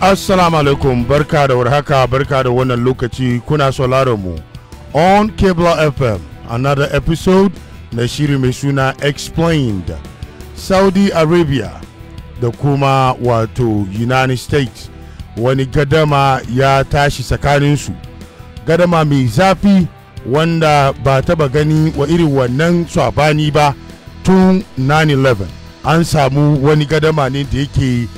Assalamu alaikum barka da warhaka barka da wannan lokaci kuna sauraron mu on Cable FM another episode na shiri mai suna explained Saudi Arabia da kuma wato United States wani gadama ya tashi tsakaninsu gadama mai zafi wanda ba taba gani wa irin wannan sabani ba tun 9-11 an samu wani gadama ne da yake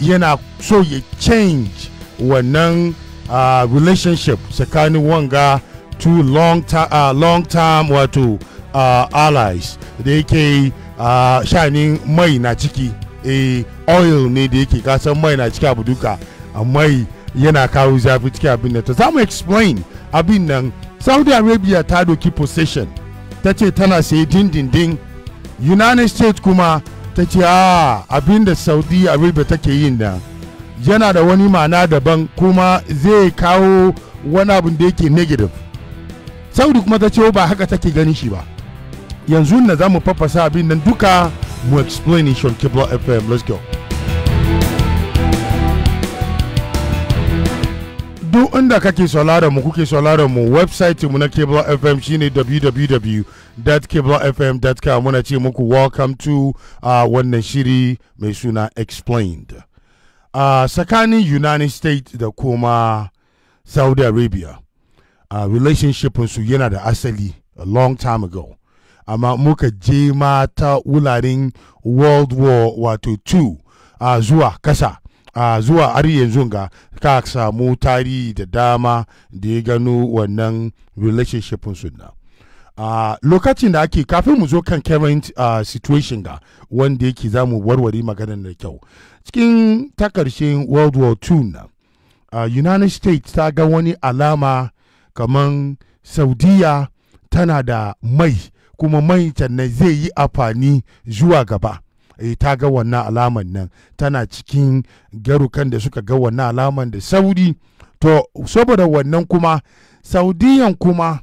yana so ya change wannan uh, relationship tsakanin wanga to long, uh, long term wato uh, allies da yake uh, shanin mai na ciki e oil ne da yake kasan mai na ciki abu duka mai yana kawo zafi ciki abin nan ta za mu explain abin nan saudi arabia ta doki possession ta ce tana sai dindindin united states kuma ta ce a ah, abin da saudi arabia take yin da yana da wani ma'ana daban kuma zai kawo wani abin da yake negative saudi kuma ta ce oh, ba haka take ganin shi ba yanzu na za mu fafasa abin nan duka mu explanation kibla fm let's go duk inda kake sauraron mu kuke sauraron mu website mu na Cable FM shine www.cablefm.com muna ce muku welcome to uh, wannan shiri mai suna explained uh, tsakanin United States da kuma Saudi Arabia uh, relationship su yana da asali a long time ago amma muka je mata wularin World War wato 2 uh, zuwa kasa a zuwa har yanzu ga ka samu tarihi da dama da ya gano wannan relationshipin sunna a lokacin da ake kafin mu zo kan current situation ga wanda yake za mu warware maganar da kyau cikin ta karshen world war ii na united states ta ga wani alama kamar saudiya tana da mai kuma mai na zai yi amfani zuwa gaba Eh, ta ga wannan alaman nan tana cikin garukan da suka ga wannan alaman da saudi to saboda wannan kuma saudiyan kuma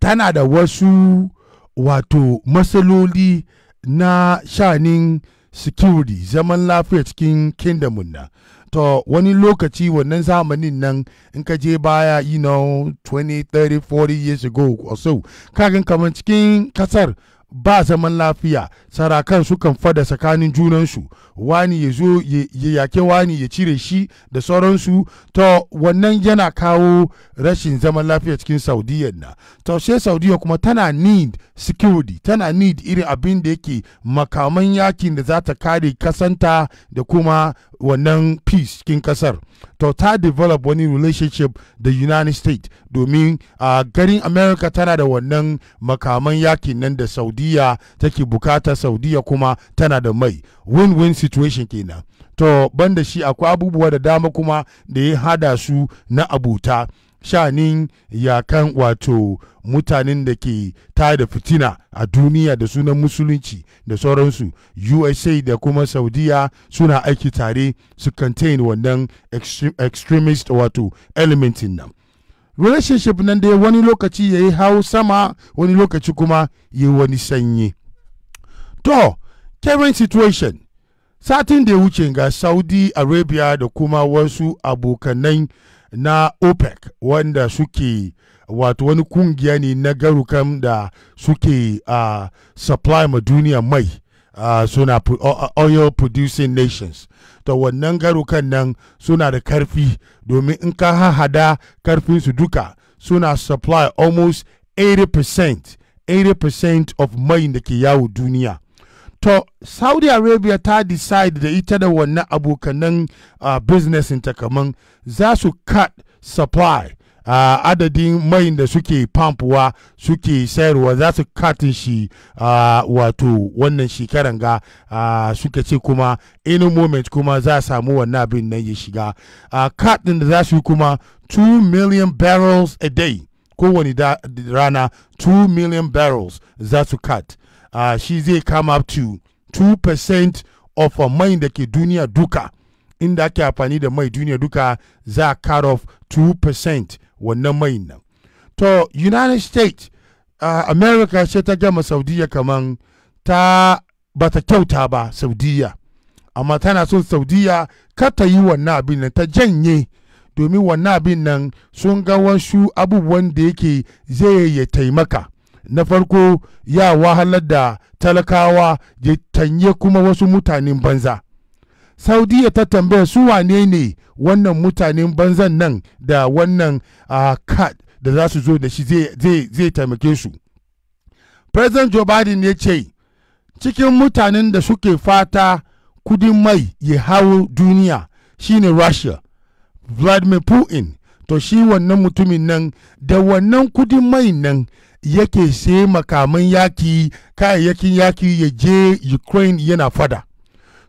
tana da wasu wato matsaloli na shanin security zaman lafiya cikin kingdomin nan to wani lokaci wannan zamanin nan in ka je baya you know 20 30 40 years ago or so kagan kamar cikin kasar ba zaman lafiya sarakan sukan fada tsakanin junansu wani ya zo ya yake wani ya cire shi da sauransu to wannan yana kawo rashin zaman lafiya cikin saudiyar na to sai kuma tana need security tana need irin abin da yake makaman yakin da za ta kare kasanta da kuma wannan peace cikin kasar to ta develop wani relationship da united states domin a garin america tana da wannan makaman yakin nan da saudiya take bukata saudiya kuma tana da mai win-win situation kenan to banda shi akwai abubuwa da dama kuma da ya hada su na abuta shanin yakan wato mutanen da ke ta da fitina a duniya da sunan musulunci da sauransu usa da kuma saudiya suna aiki tare su contain wannan extremist wato elementin nan relationship nan da wani lokaci ya yi hau sama wani lokaci kuma ya yi wani sanyi to kevin situation satin da ya wuce ga saudi arabia da kuma wasu abokanai na opec wanda suke wato wani kungiya ne na garukan da suke uh, supply ma duniya mai uh, suna oil producing nations to wannan garukan nan suna da karfi domin in ka hada karfinsu duka suna supply almost 80% 80% of mai da ke yawo duniya to saudi arabia ta decide da ita da wannan abokanan uh, business ta kaman za su cut supply uh, adadin mai da suke pampuwa suke sayarwa za su katin shi uh, wato wannan shekaran ga uh, suka ce kuma any moment kuma za a samu wannan abin nan ya shiga uh, da za su yi kuma 2 million barrels a day kowane rana 2 million barrels za su cut uh, shi zai come up to 2% of uh, mai da ke duniya duka inda ake amfani da mai duniya duka za a cut off 2% wannan mai nan to united states uh, america ce ta gama saudiya kaman ta ba ta kyauta ba saudiya amma tana son saudiya ta yi wannan abin nan ta janye domin wannan abin nan sun ga wasu abubuwan da yake zai ya taimaka na farko ya wahalar da talakawa ya tanye kuma wasu mutanen banza saudiya ta tambaya su wane ne wannan mutanen banzan nan da wannan uh, kad da za su zo da shi zai taimake su president joe biden ya ce cikin mutanen da suke fata kudin mai ya hau duniya shine russia vladimir putin to shi wannan mutumin nan da wannan kudin mai nan yake sai makaman yaki kayayyakin yaki ya je ukraine yana fada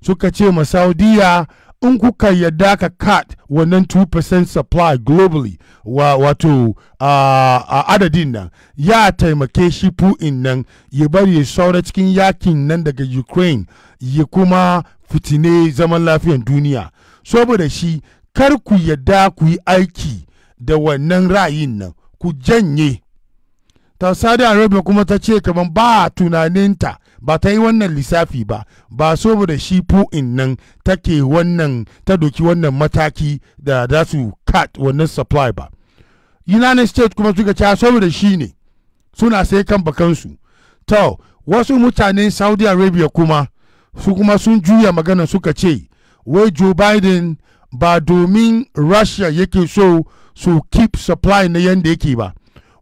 suka ce ma saudiya in kuka yadda ka cut wannan 2% supply globally wa, wato a adadin nan ya taimake shi pu'in nan ya bari ya saura cikin yakin nan daga ukraine ya kuma fitine zaman lafiyan duniya saboda shi kar ku yadda ku yi aiki da wannan ra'ayin nan ku janye ta saudi arabia kuma ta ce kamar ba tunaninta ba ta yi wannan lissafi ba ba saboda shi pu'in nan take wannan ta doki wannan mataki da za su cut wannan supply ba united states kuma suka ce saboda shi ne suna sai kan bakansu to wasu mutanen saudi arabia kuma su kuma sun juya magana suka ce wai joe biden ba domin russia yake so su so keep supply na yanda yake ba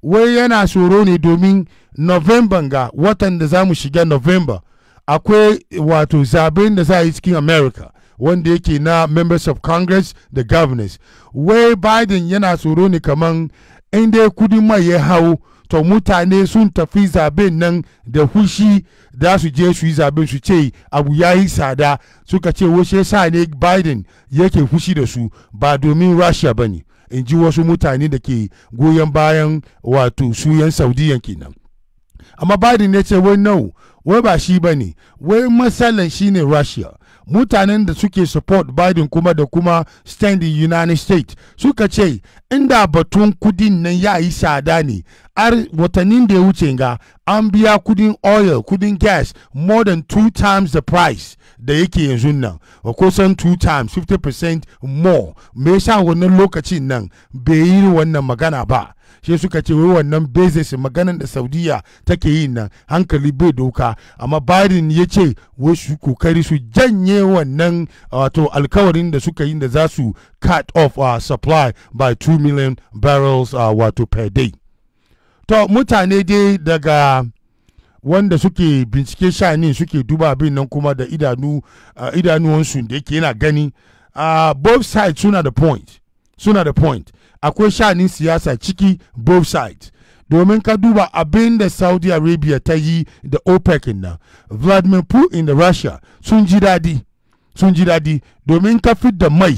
wai yana tsoro ne domin november ga watan da za mu shiga november akwai wato zaben da za a yi cikin america wanda yake na members of congress da governors wai biden yana tsoro ne kamar inda dai kudin mai ya hau to mutane sun tafi zaben nan da hushi da su je su yi zaben su ce abu ya yi tsada suka ce wace sa ne biden yake hushi da su ba domin russia ba ne in ji wasu mutane da ke goyon bayan wato su 'yan kenan amma biden ya ce wai nau wai ba shi ba ne wai matsalan shi ne russia mutanen da suke support biden kuma da kuma standing united states suka ce inda batun kudin nan ya yi tsada ne har watannin da ya wuce ga an biya kudin oil kudin gas more than two times the price da yake yanzu nan kusan two times 50% more me yasa wannan lokacin nan bai yi wannan magana ba shi suka ce wai wannan basis maganan da saudiya take yi nan hankali bai doka amma biden ya ce wai su kokari su janye wannan wato alkawarin da suka yi da za su cut off uh, supply by 2 million barrels uh, per day to mutane dai daga wanda suke bincike shani suke duba abin nan kuma da idanu idanuwansu da yake yana gani both sides suna da point suna da point akwai shanin siyasa ciki both sides domin ka duba abin da saudi arabia ta yi da opec nan vladimir putin da russia sun ji daɗi sun ji daɗi domin ka da mai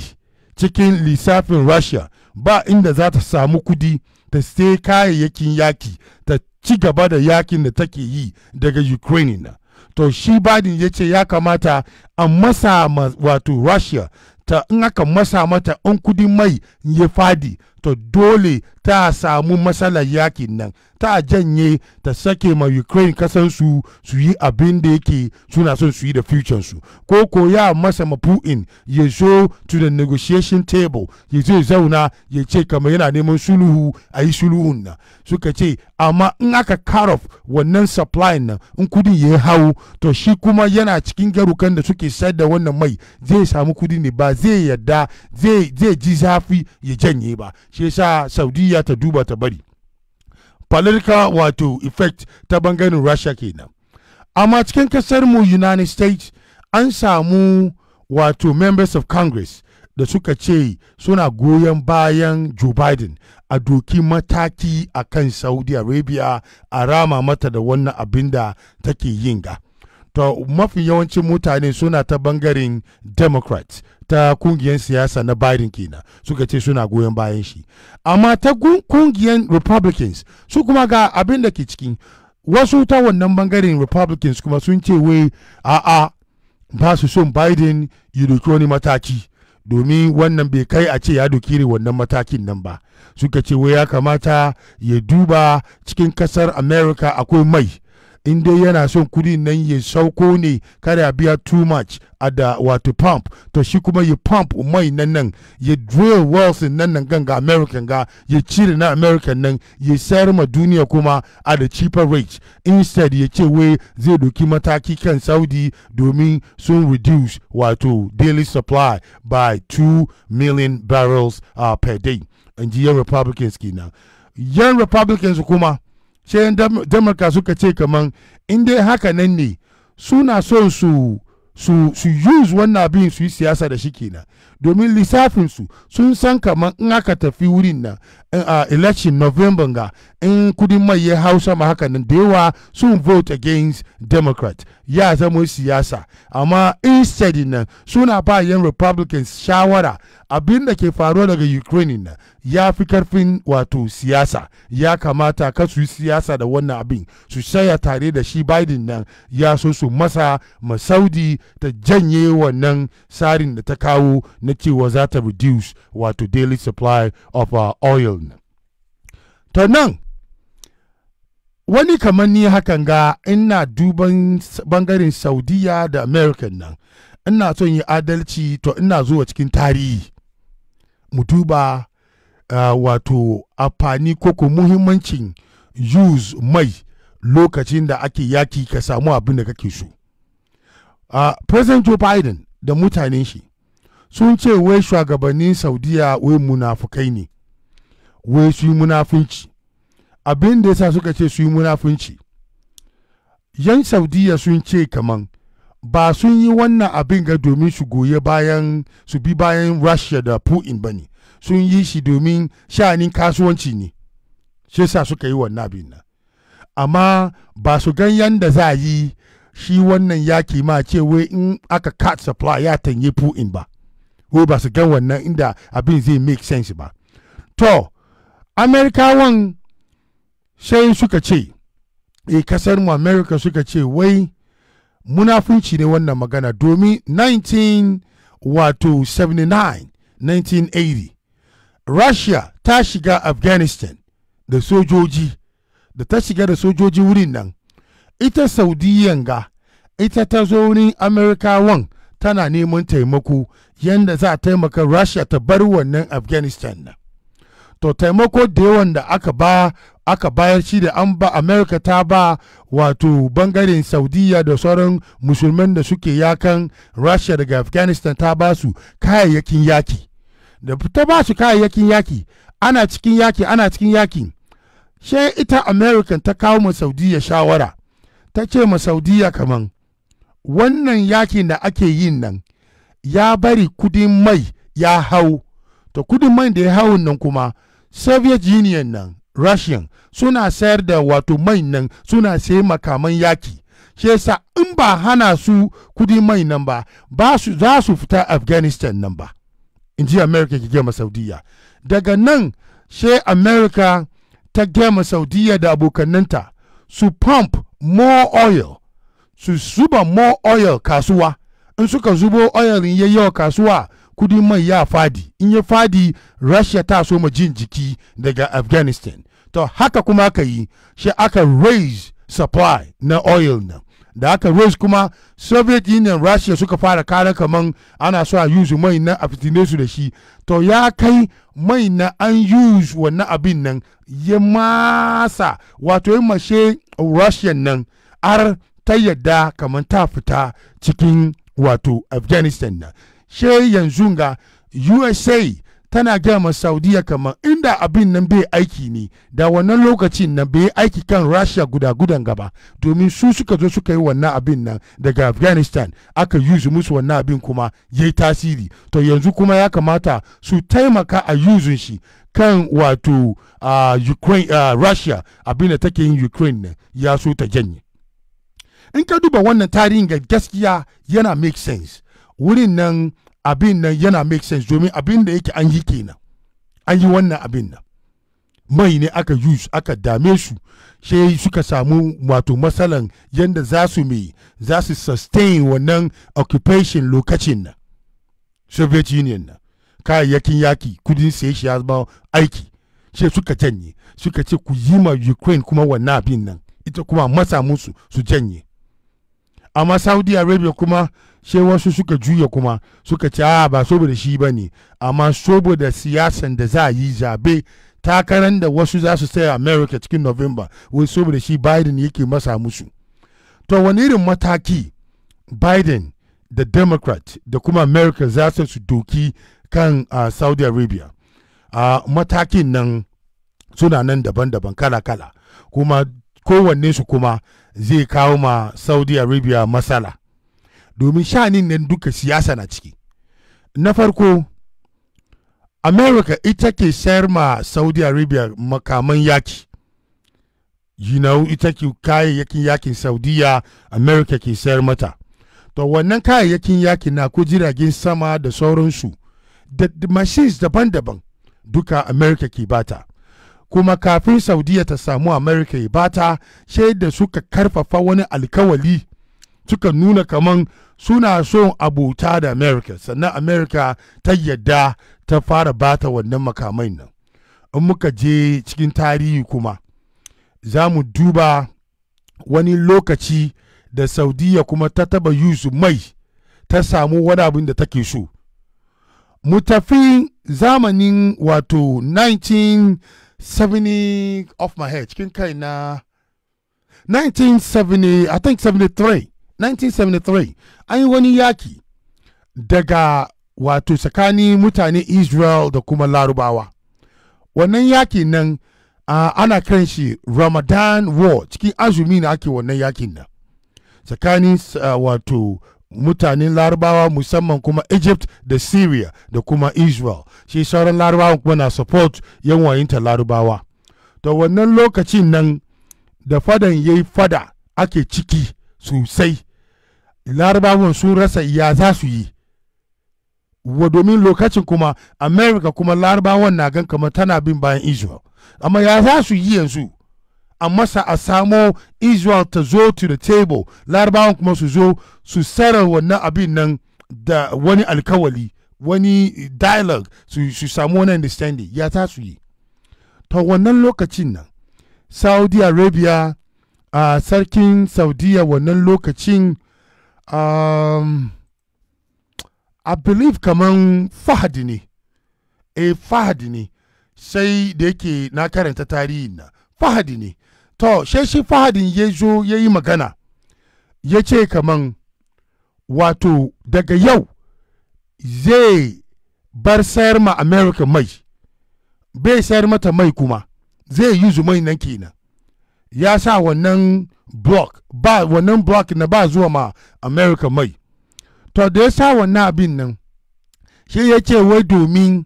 cikin lissafin russia ba inda za ta samu kudi ta sai kayayyakin yaki ta ci gaba da yakin da take yi daga ukraine na to shi badin ya ce ya kamata a masa wato russia ta in aka masa mata in kudin mai ya fadi to dole ta samu matsalar yakin nan ta janye ta sake ma ukraine kasansu su yi abin da yake suna son su yi da future su ko ko ya masa ma putin ya zo to the negotiation table ya zo zauna ya ce kamar yana neman sulhu a yi sulhun nan suka ce amma in aka karof wannan supply nan in kudi ya hau to shi kuma yana cikin garukan da suke sayar da wannan mai zai samu kudi ne ba zai yarda zai ji zafi ya janye ba shi yasa saudiya ta duba ta bari falirka wato effect ta bangaren russia kenan amma cikin kasar mu united states an samu wato members of congress da suka ce suna goyon bayan joe biden a doki mataki a kan saudi arabia a rama mata da wannan abin da take yin ga to mafi yawancin mutane suna ta bangaren democrat ta kungiyar siyasa na biden kenan suka ce suna goyon bayan shi amma ta kungiyar republicans su kuma ga abin da ke ciki wasu ta wannan bangaren republicans kuma sun ce wai a'a ba su son biden ya doki wani mataki domin wannan bai kai a ce ya doki wannan matakin nan ba suka ce wai ya kamata ya duba cikin kasar america akwai mai in dai yana son kudi nan ya sauko ne kada a biya too much a da wato pump to shi kuma ya pump mai nan nan ya drill wells nan nan ganga american ga ya cire na american nan ya sayar ma duniya kuma a da cheaper rate instead ya ce wai zai doki mataki kan saudi domin sun reduce wato daily supply by 2 million barrels uh, per day in ji yan republicans kenan yan republicans kuma yan damarka suka ce kaman in dai haka nan ne suna son su su su use wannan abin su yi siyasa da shi kenan domin lissafinsu sun san kaman in aka tafi wurin na a election november ga in kudin mai ya hau sama haka nan da yawa sun vote against democrat ya zama siyasa amma instead nan suna ba yan republicans shawara abinda ke faruwa daga ukraine nan ya fi karfin wato siyasa ya kamata ka su yi siyasa da wannan abin su saya tare da shi biden nan ya so su masa masaudi ta janye wannan tsarin da ta kawo na cewa za ta reduce wato daily supply of uh, oil ta nan wani kamar ni hakan ga ina duban bangaren saudiya da american nan ina son yi adalci to ina zuwa cikin tarihi mu duba ah, wato amfani koko muhimmancin use mai lokacin da ake yaki ka samu abin da kake so ah, president joe biden da mutanen shi sun ce wai shugabannin saudiya wai munafukai ne wai su yi munafunci abin da yasa suka ce su yi munafunci yan saudiya sun ce kaman ba sun yi wannan abin ga domin su goye bayan su bi bayan russia da putin ba ne sun yi shi domin sha'anin kasuwanci ne shi sa suka yi wannan abin nan amma ba su gan yanda za a yi shi wannan yaki ma ce wai in aka cut supply ya tanye putin ba wai ba su gan wannan inda abin zai make sense ba to amerikawan sai suka ce e kasar mu america suka ce wai munafunci ne wannan magana domin 1979 wato 1980 russia ta shiga afghanistan da sojoji da ta shiga da sojoji wurin nan ita saudiyan ga ita ta zo amurkawan tana neman taimako yadda za a taimaka russia ta bar wannan afghanistan nan to taimako da yawan da aka ba aka bayar shi da an ba america ta ba wato bangaren saudiya da sauran musulman da suke yakan russia daga afghanistan ta ba su kayayyakin yaki da ta ba su kayayyakin yaki ana cikin yaki ana cikin yaki shi ita american ta kawo ma saudiya shawara ta ce ma saudiya kaman wannan yakin da ake yin nan ya bari kudin mai ya hau to kudin mai da ya hau nan kuma soviet union nan russian suna sayar da wato mai nan suna sai makaman yaki shi yasa in ba hana su kudi mai nan ba za su fita afghanistan nan ba in ji america ki gama saudiya daga nan she america ta gama saudiya da abokananta su pump more oil su zuba more oil kasuwa in suka zubo oil yayyawa kasuwa kudin mai ya fadi in ya fadi russia ta so ma jin jiki daga afghanistan to haka kuma aka yi shi aka raise supply na oil nan da aka raise kuma soviet union russia suka fara kara kaman ana so a use mai na a su da shi to ya kai mai na an use wannan abin nan ya masa wato ya mashe russian nan ar ta yadda kaman ta fita cikin wato afghanistan na. she yanzu ga usa tana gaya ma saudiya kamar inda abin nan bai aiki ne da wannan lokacin nan bai aiki kan russia guda gudan gaba domin su suka zo suka yi wannan abin nan daga afghanistan aka yuzu musu wannan abin kuma ya yi tasiri to yanzu kuma ya kamata su taimaka a yuzun shi kan wato uh, ukraine uh, russia abin da take yin ukraine nan ya so ta janye in ka duba wannan tarihin gaskiya yana make sense wurin nan abin nan yana make sense domin abin da yake an yi kenan an yi wannan abin nan mai ne aka use aka dame su sai suka samu wato matsalan yadda za su mai za su sustain wannan occupation lokacin na soviet union na kayayyakin yaki kudin sai shi ya zama aiki sai suka janye suka ce ku yi ma ukraine kuma wannan abin nan ita kuma masa musu su janye amma saudi arabia kuma sai wasu suka juya kuma suka ce a ba saboda shi ba ne amma saboda siyasan da za a yi zabe takarar da wasu za su tsaya america cikin november wai saboda shi biden yake masa musu to wani irin mataki biden da democrat da kuma america za su doki kan uh, saudi arabia uh, matakin nan suna nan daban-daban kala-kala kuma kowanne su kuma zai kawo ma saudi arabia matsala domin shanin nan duka siyasa na ciki na farko america ita ke sayar ma saudi arabia makaman yaki you know ita ke kayayyakin yakin saudiya america ke sayar mata to wannan kayayyakin yakin na ko jiragen sama da sauransu da machines daban-daban duka america ke bata kuma kafin saudiya ta samu america ya bata da suka karfafa wani alkawali suka nuna kaman suna son abuta da america sannan america ta yadda ta fara bata wannan makamai nan in muka je cikin tarihi kuma za mu duba wani lokaci da saudiya kuma ta taba yusu mai ta samu wani abin da take so mu tafi zamanin wato 1970 off my head cikin kai na 1970 i think 73 1973 an yi wani yaki daga wato tsakanin mutane israel da kuma larubawa wannan yaki nan ana kiran shi ramadan war cikin azumi na ake wannan yakin nan tsakanin wato mutanen larabawa musamman kuma egypt da syria da kuma israel shi sauran larabawa kuma na support yan wayinta larabawa to wannan lokacin nan da fadan ya yi fada ake ciki sosai larabawan sun rasa ya za su yi wa domin lokacin kuma america kuma larabawan na gan kamar tana bin bayan israel amma ya za su yi yanzu a masa a samo israel ta zo to the table larabawan kuma su zo su tsara wannan abin nan da wani alkawali wani dialogue su, su samu wani understanding ya za su yi ta wannan lokacin nan saudi arabia a uh, sarkin saudiya wannan lokacin um, I believe kaman fahadi ne eh fahadi ne sai da yake na karanta tarihin na fahadi ne to sai shi fahadin ya zo ya yi magana ya ce kaman wato daga yau zai bar sayar ma america mai bai sayar mata mai kuma zai yi zumai nan kenan ya sa wannan block ba wannan block na ba zuwa ma america mai to da ya sa wannan abin nan shi ya ce wai domin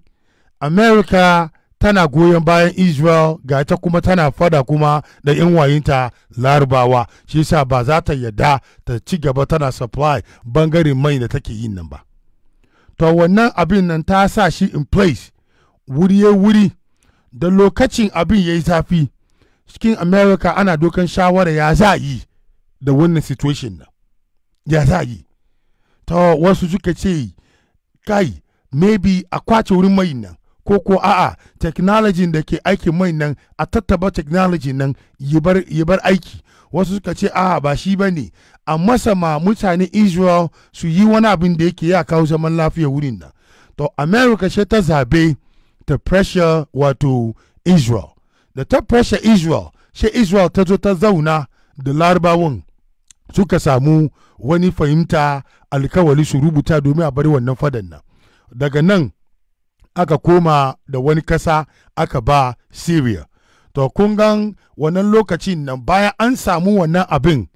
america tana goyon bayan israel ga ta kuma tana fada kuma da yan wayinta larabawa shi sa ba za ta yadda ta ci gaba tana supply bangaren mai da take yin nan ba to wannan abin nan ta sa shi in place wuri ya wuri da lokacin abin ya yi zafi cikin america ana dokan shawara ya za yi da wannan situation na ya za yi ta wasu suka ce kai maybe a kwace wurin mai nan ko ko a'a technology da ke aikin mai nan a tattaba technology nan ya bar aiki wasu suka ce a'a ba shi ba ne a masa ma mutane israel su yi wani abin da yake ya kawo zaman lafiya wurin nan to america ce ta zabe ta pressure wato israel da ta pressure israel shi israel ta zo ta zauna da larabawan suka samu wani fahimta alkawali su rubuta domin a bari wannan fadan nan daga nan aka koma da wani kasa aka ba syria to kun gan wannan lokacin nan bayan an samu wannan abin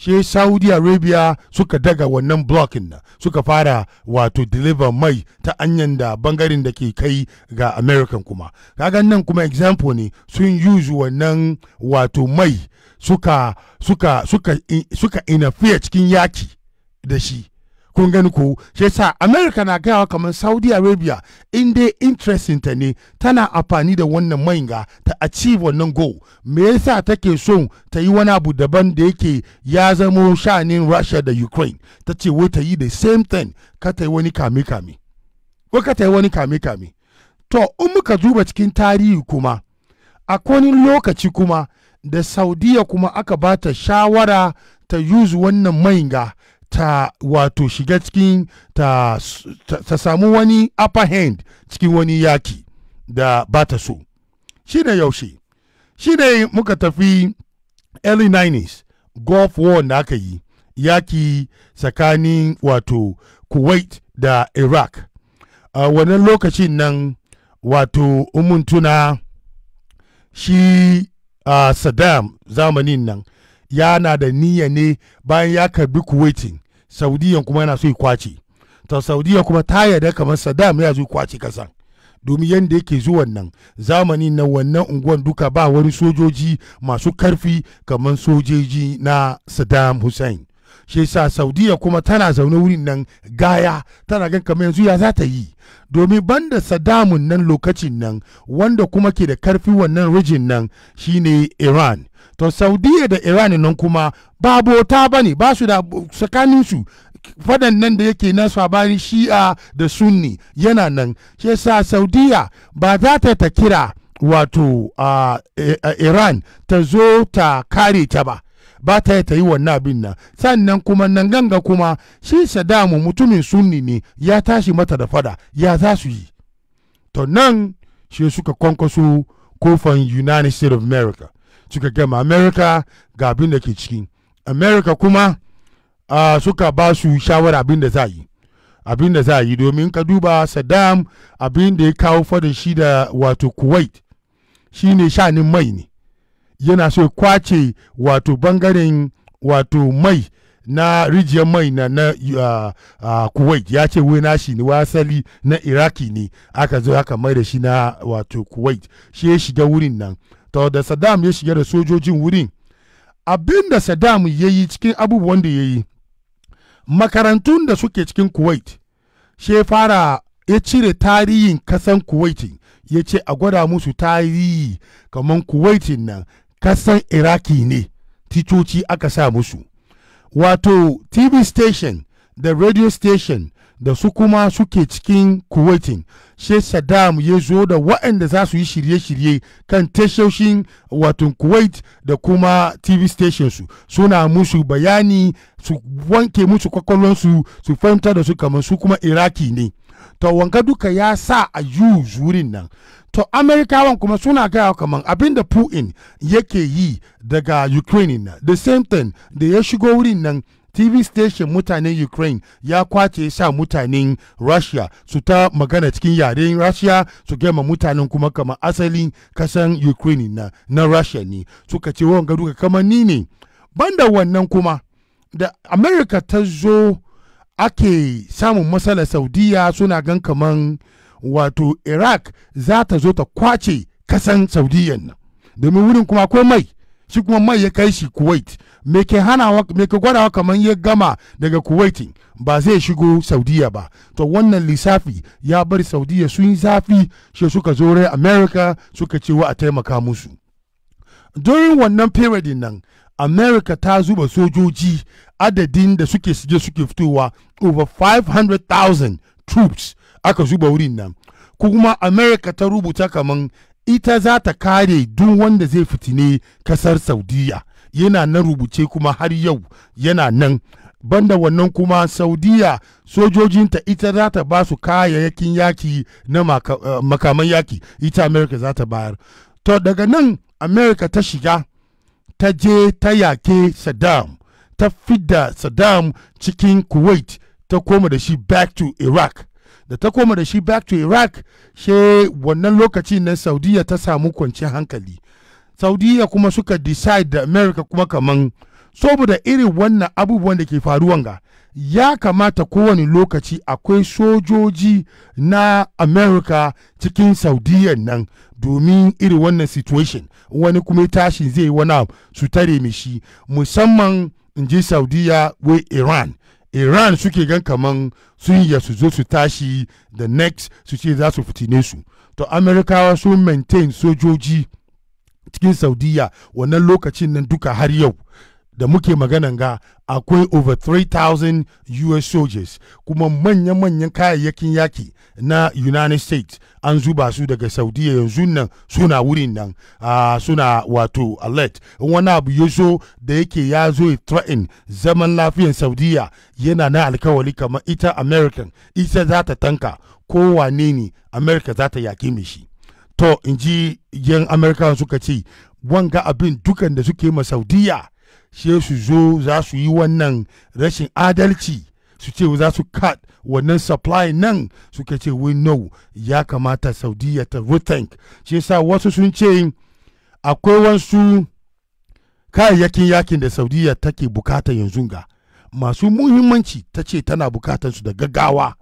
shi saudi arabia suka daga wannan blocking na suka fara wato deliver mai ta anyan da bangaren da ke kai ga american kuma kagan nan kuma example ne sun use wannan wato mai suka suka suka suka cikin yaki da shi kun gani ko shi yasa america na gayawa kamar saudi arabia in dai interesting ta ne tana amfani da wannan mainga ta achieve wannan goal me yasa take so ta yi wani abu daban da yake ya zamo shanin russia da ukraine ta ce wai ta yi the same thing ka ta yi wani kame kame ko ka ta yi wani kame kame to in muka duba cikin tarihi kuma a wani lokaci kuma da saudiya kuma aka ba ta shawara ta use wannan mainga ta wato shiga cikin ta, ta, ta samu wani upper hand cikin wani yaki da ba ta so shi ne yaushe shi ne muka tafi early 90s gulf war da aka yi yaki tsakanin wato kuwait da iraq a wannan lokacin nan wato umuntuna shi uh, saddam zamanin nan yana da niyya ne bayan ya karbi kuwaitin saudiyan kuma yana so ya kwace ta saudiya kuma ta yarda kamar saddam ya zo kwace kasan domin yadda yake zuwa nan zamani na wannan unguwan duka ba wani sojoji masu karfi kamar sojoji na saddam hussein shi sa saudiya kuma tana zaune wurin nan gaya tana gan kamar yanzu ya za ta yi domin banda sadamun nan lokacin nan wanda kuma ke da karfi wannan rijin nan shine iran to saudiya da iran nan kuma ba bota ba ne ba su da tsakaninsu fadan nan da yake na sabani shi'a da sunni yana nan shi sa saudiya ba za ta ta kira wato uh, iran ta zo ta kare ta ba ba ta ta yi wannan abin na sannan kuma nan ganga kuma shi sadamu mutumin sunni ne ya tashi mata da fada ya za su yi to nan shi suka kwankwaso kofan united states of america suka gama america ga abin da ke cikin america kuma suka ba su shawara abin da za yi abin da za yi domin ka duba saddam abin da ya kawo fada shi da wato kuwait shi ne shanin mai ne yana so ya kwace wato bangaren wato mai na rijiyar mai na, na uh, uh, kuwait ya ce wai nashi ne wasali na iraki ne aka zo aka mai da shi na wato kuwait shi ya shiga wurin nan to da saddam ya shiga da sojojin wurin abin da saddam ya yi cikin abubuwan da ya yi makarantun da suke cikin kuwait shi fara ya cire tarihin kasan kuwaitin ya ce a gwada musu tarihi kamar kuwaitin nan kasan iraki ne titoci aka sa musu wato tv station da radio station da su kuma suke cikin kuwaitin she saddam ya zo da waɗanda za su yi shirye-shirye kan tashoshin wato kuwait da kuma tv su suna musu bayani su wanke musu kwakwalwansu su fahimtar da su kamar su kuma iraki ne to wanga duka ya sa a use zurin nan to amerikawan kuma suna gaya kaman abin da putin yake yi daga ukraine na the same thing da ya shigo wurin nan tv station mutanen ukraine ya kwace sa mutanen russia su ta magana cikin yaren russia su gama mutanen kuma kamar asalin kasan ukraine na na russia ne suka ce wanga duka kamar ni ne banda wannan kuma da america ta zo ake samun matsalar saudiya suna gan kaman wato iraq za ta zo ta kwace kasan saudiyan nan domin wurin kuma akwai mai shi kuma mai ya kai shi kuwait me ke gwadawa kamar ya gama daga kuwait ba zai shigo saudiya ba to wannan lissafi ya bari saudiya sun yi zafi shi suka zo rai america suka ce wa a taimaka musu during wannan period nan america ta zuba sojoji adadin da suke suje suke fitowa over 500,000 troops aka zuba wurin nan kuma america ta rubuta kaman ita za ta kare duk wanda zai fitine kasar saudiya yana nan rubuce kuma har yau yana nan banda wannan kuma saudiya sojojinta ita za ta ba su kayayyakin yaki na maka, uh, makaman yaki ita america za ta bayar to daga nan america ta shiga ta je ta yake saddam ta fidda saddam cikin kuwait ta koma da shi back to iraq da ta koma da shi back to iraq she wannan lokaci na saudiya ta samu kwanciyar hankali saudiya kuma suka decide da america kuma kaman saboda irin wannan abubuwan da ke faruwan ga ya kamata kowane lokaci akwai sojoji na america cikin saudiya nan domin iri wannan situation wani kuma tashi zai wana su tare mishi musamman in ji saudiya wai iran iran suke gan kaman sun ya su zo su tashi the next su ce za su fitine su to amerikawa sun maintain sojoji cikin saudiya wannan lokacin nan duka har yau da muke maganan ga akwai over 3,000 US soldiers kuma manya manyan kayayyakin yaki na United States an zuba su daga Saudiya yanzu nan suna wurin nan suna wato alert wani abu ya zo da yake ya zo threaten zaman lafiyan Saudiya yana na alkawali kamar ita American ita za ta tanka kowane ne America za ta mai shi to in ji yan American suka ce wanga abin dukan da suke ma Saudiya she su zo za su yi wannan rashin adalci su ce za su cut wannan supply nan suka ce we know ya kamata saudiya ta rethink shi yasa wasu sun ce akwai wasu kayayyakin yakin da saudiya take bukata yanzu ga masu muhimmanci ta ce tana bukatar su da gaggawa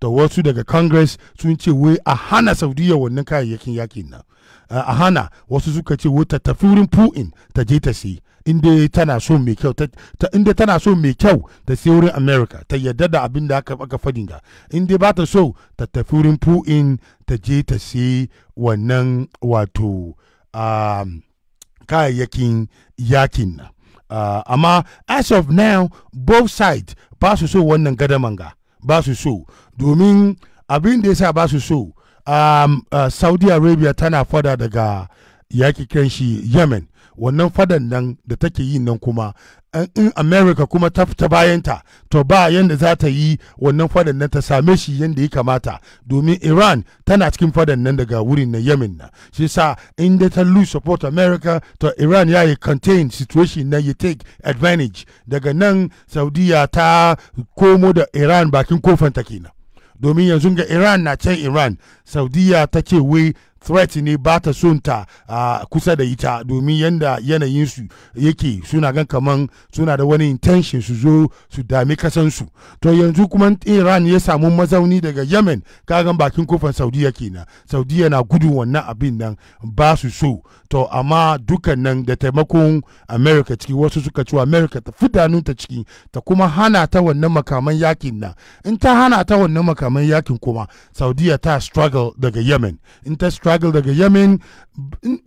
da wasu daga congress sun ce wai a hana saudiya wannan kayayyakin yakin nan a hana wasu suka ce wata tafi wurin putin ta je ta sai inda tana so mai kyau ta inda tana so mai kyau ta sai wurin america ta yadda da abin da aka aka fadin ga inda ba ta so ta tafi wurin pu'in ta je ta sai wannan wato um, kayayyakin yakin na uh, amma as of now both sides ba su so wannan manga ba su so domin abin da ya sa ba su so um, uh, saudi arabia tana fada daga yaki kan yemen wannan fadan nan da take yi nan kuma in america kuma ta fita bayanta to ba yadda za ta yi wannan fadan nan ta same shi yadda ya kamata domin iran tana cikin fadan nan daga wurin na yemen na shi sa in da ta lose support america to iran ya yi contain situation na ya take advantage daga nan saudiya ta komo da iran bakin kofanta kenan domin yanzu ga iran na can iran saudiya ta ce wai threat ne ba ta son ta uh, kusa da ita domin yanda yanayinsu yake suna gan kaman suna da wani intention su zo su dami kasansu to yanzu kuma iran ya samu mazauni daga yemen kagan bakin kofar saudiya kenan saudiya na gudun wannan abin nan ba su so to amma dukan nan da taimakon america ciki wasu suka ci america ta ta ciki ta kuma hana ta wannan makaman yakin nan in ta hana ta wannan makaman yakin kuma saudiya ta struggle daga yemen in ta struggle struggle daga yemen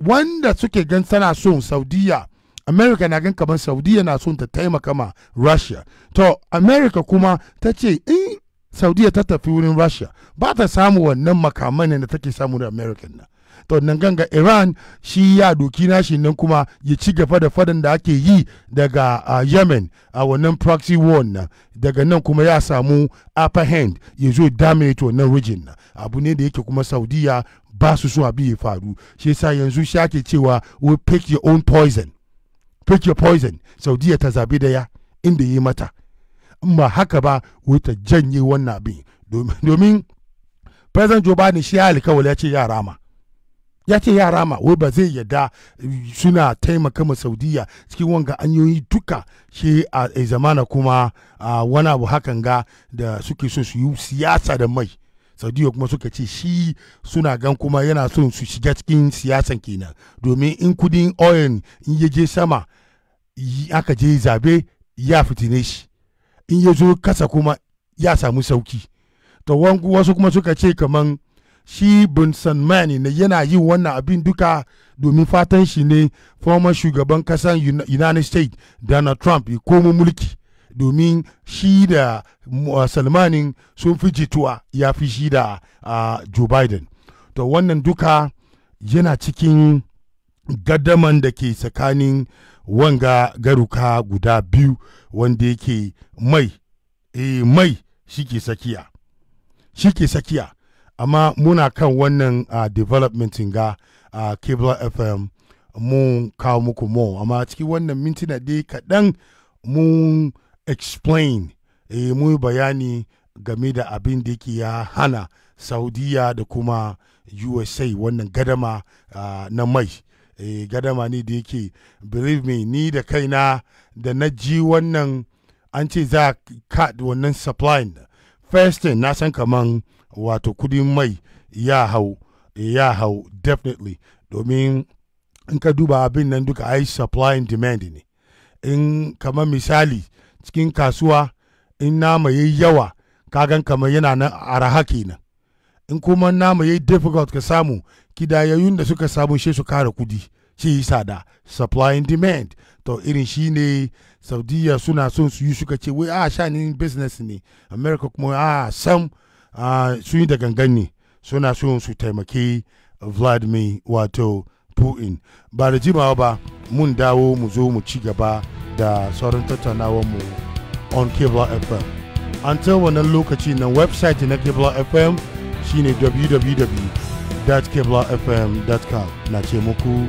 wanda suke gan tana son saudiya america na gan kamar saudiya na son ta taimaka ma russia to america kuma ta ce in saudiya ta tafi wurin russia ba ta samu wannan makaman da take samu da american na to nan ganga iran shi ya doki nashi nan kuma ya ci gaba da fadan da ake yi daga uh, yemen a uh, wannan proxy war na daga nan kuma ya samu upper hand ya zo dominate wannan region na abu ne da yake kuma saudiya ba su so abi ya faru shi yasa yanzu shi ake cewa we pick your own poison pick your poison saudiya ta zabi da ya inda yi mata in ba haka ba wuta janye wannan abin domin president joe biden shi ya alkawali ya ce yara ma ya ce yara ma wai ba zai yadda eh, suna taimaka ma saudiya cikin wanga anyoyi duka shi a zamana kuma wani abu hakan ga da suke so su yi siyasa da mai saudiya kuma suka ce shi suna gan kuma yana son su shiga cikin siyasan kenan domin in kudin oil in ya je sama aka je zabe ya fitine shi in ya zo kasa kuma ya samu sauki to wasu kuma suka ce kaman shi bin mani ne yana yin wannan abin duka domin fatan shi ne former shugaban kasan united states donald trump ya komo mulki domin shi da salmanin sun fi jituwa ya fi shi da joe biden to wannan duka yana cikin gadaman da ke tsakanin wanga garuka guda biyu wanda yake mai eh mai shike sakiya shike sakiya amma muna kan wannan uh, development ga uh, cable fm mun kawo muku mo amma cikin wannan mintuna dai kaɗan mun explain eh, mun bayani game da abin da yake ya hana saudiya da kuma usa wannan gadama uh, na mai eh, gadama ne da yake believe me ni da kaina da na ji wannan an ce za a wannan supply first thing na san kaman wato kudin mai ya hau ya hau definitely domin in ka duba abin nan duka ai supply and demand ne in kamar misali cikin kasuwa in nama yi yawa kagan kamar yana na araha kenan in kuma nama yi difficult ka samu kidayayun da suka samu shi su kara kudi shi yasa da supply and demand to irin shi ne saudiya suna son su yi suka ce wai a ah, ni business ne america kuma a ah, sam ah, sun yi da gangan ne suna son su taimaki vladimir wato putin ba da jimawa ba mun dawo mu zo mu ci gaba da sauran tattaunawar mu on cable fm an ta wannan lokaci na website na cable fm shine www.cablefm.com na ce muku